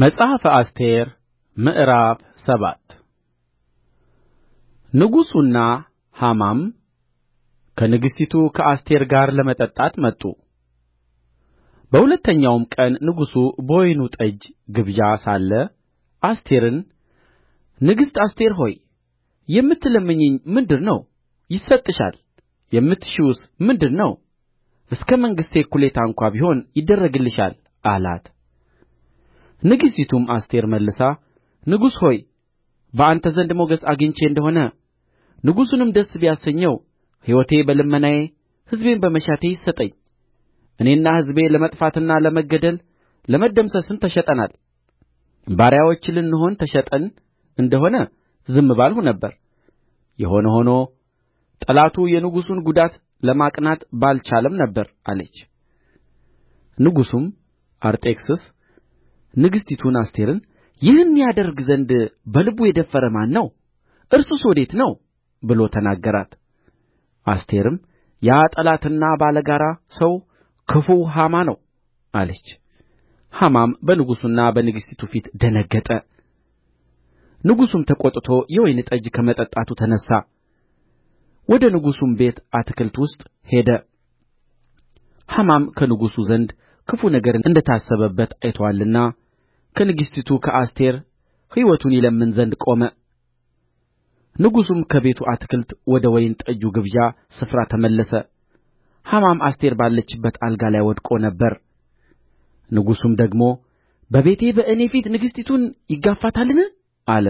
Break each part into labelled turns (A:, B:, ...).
A: መጽሐፈ አስቴር ምዕራፍ ሰባት ንጉሡና ሐማም ከንግሥቲቱ ከአስቴር ጋር ለመጠጣት መጡ። በሁለተኛውም ቀን ንጉሡ በወይኑ ጠጅ ግብዣ ሳለ አስቴርን ንግሥት አስቴር ሆይ የምትለምኚኝ ምንድር ነው? ይሰጥሻል። የምትሺውስ ምንድር ነው? እስከ መንግሥቴ እኵሌታ እንኳ ቢሆን ይደረግልሻል አላት። ንግሥቲቱም አስቴር መልሳ ንጉሥ ሆይ በአንተ ዘንድ ሞገስ አግኝቼ እንደ ሆነ ንጉሡንም ደስ ቢያሰኘው ሕይወቴ በልመናዬ ሕዝቤም በመሻቴ ይሰጠኝ እኔና ሕዝቤ ለመጥፋትና ለመገደል ለመደምሰስም ተሸጠናል ባሪያዎች ልንሆን ተሸጠን እንደ ሆነ ዝም ባልሁ ነበር የሆነ ሆኖ ጠላቱ የንጉሡን ጉዳት ለማቅናት ባልቻለም ነበር አለች ንጉሡም አርጤክስስ ንግሥቲቱን አስቴርን ይህን ያደርግ ዘንድ በልቡ የደፈረ ማን ነው እርሱስ ወዴት ነው ብሎ ተናገራት አስቴርም ያ ጠላትና ባላጋራ ሰው ክፉው ሐማ ነው አለች ሐማም በንጉሡና በንግሥቲቱ ፊት ደነገጠ ንጉሡም ተቈጥቶ የወይን ጠጅ ከመጠጣቱ ተነሣ ወደ ንጉሡም ቤት አትክልት ውስጥ ሄደ ሐማም ከንጉሡ ዘንድ ክፉ ነገር እንደ ታሰበበት አይቶአልና ከንግሥቲቱ ከአስቴር ሕይወቱን ይለምን ዘንድ ቆመ ንጉሡም ከቤቱ አትክልት ወደ ወይን ጠጁ ግብዣ ስፍራ ተመለሰ ሐማም አስቴር ባለችበት አልጋ ላይ ወድቆ ነበር ንጉሡም ደግሞ በቤቴ በእኔ ፊት ንግሥቲቱን ይጋፋታልን አለ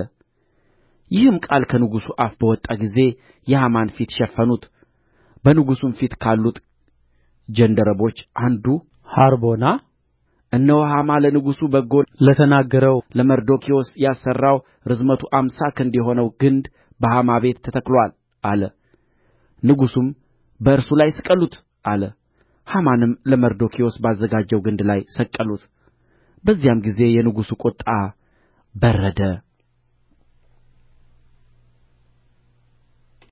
A: ይህም ቃል ከንጉሡ አፍ በወጣ ጊዜ የሐማን ፊት ሸፈኑት በንጉሡም ፊት ካሉት ጃንደረቦች አንዱ ሐርቦና እነሆ ሐማ ለንጉሡ በጎ ለተናገረው ለመርዶክዮስ ያሠራው ርዝመቱ አምሳ ክንድ የሆነው ግንድ በሐማ ቤት ተተክሎአል አለ ንጉሡም በእርሱ ላይ ስቀሉት አለ ሐማንም ለመርዶክዮስ ባዘጋጀው ግንድ ላይ ሰቀሉት በዚያም ጊዜ የንጉሡ ቍጣ በረደ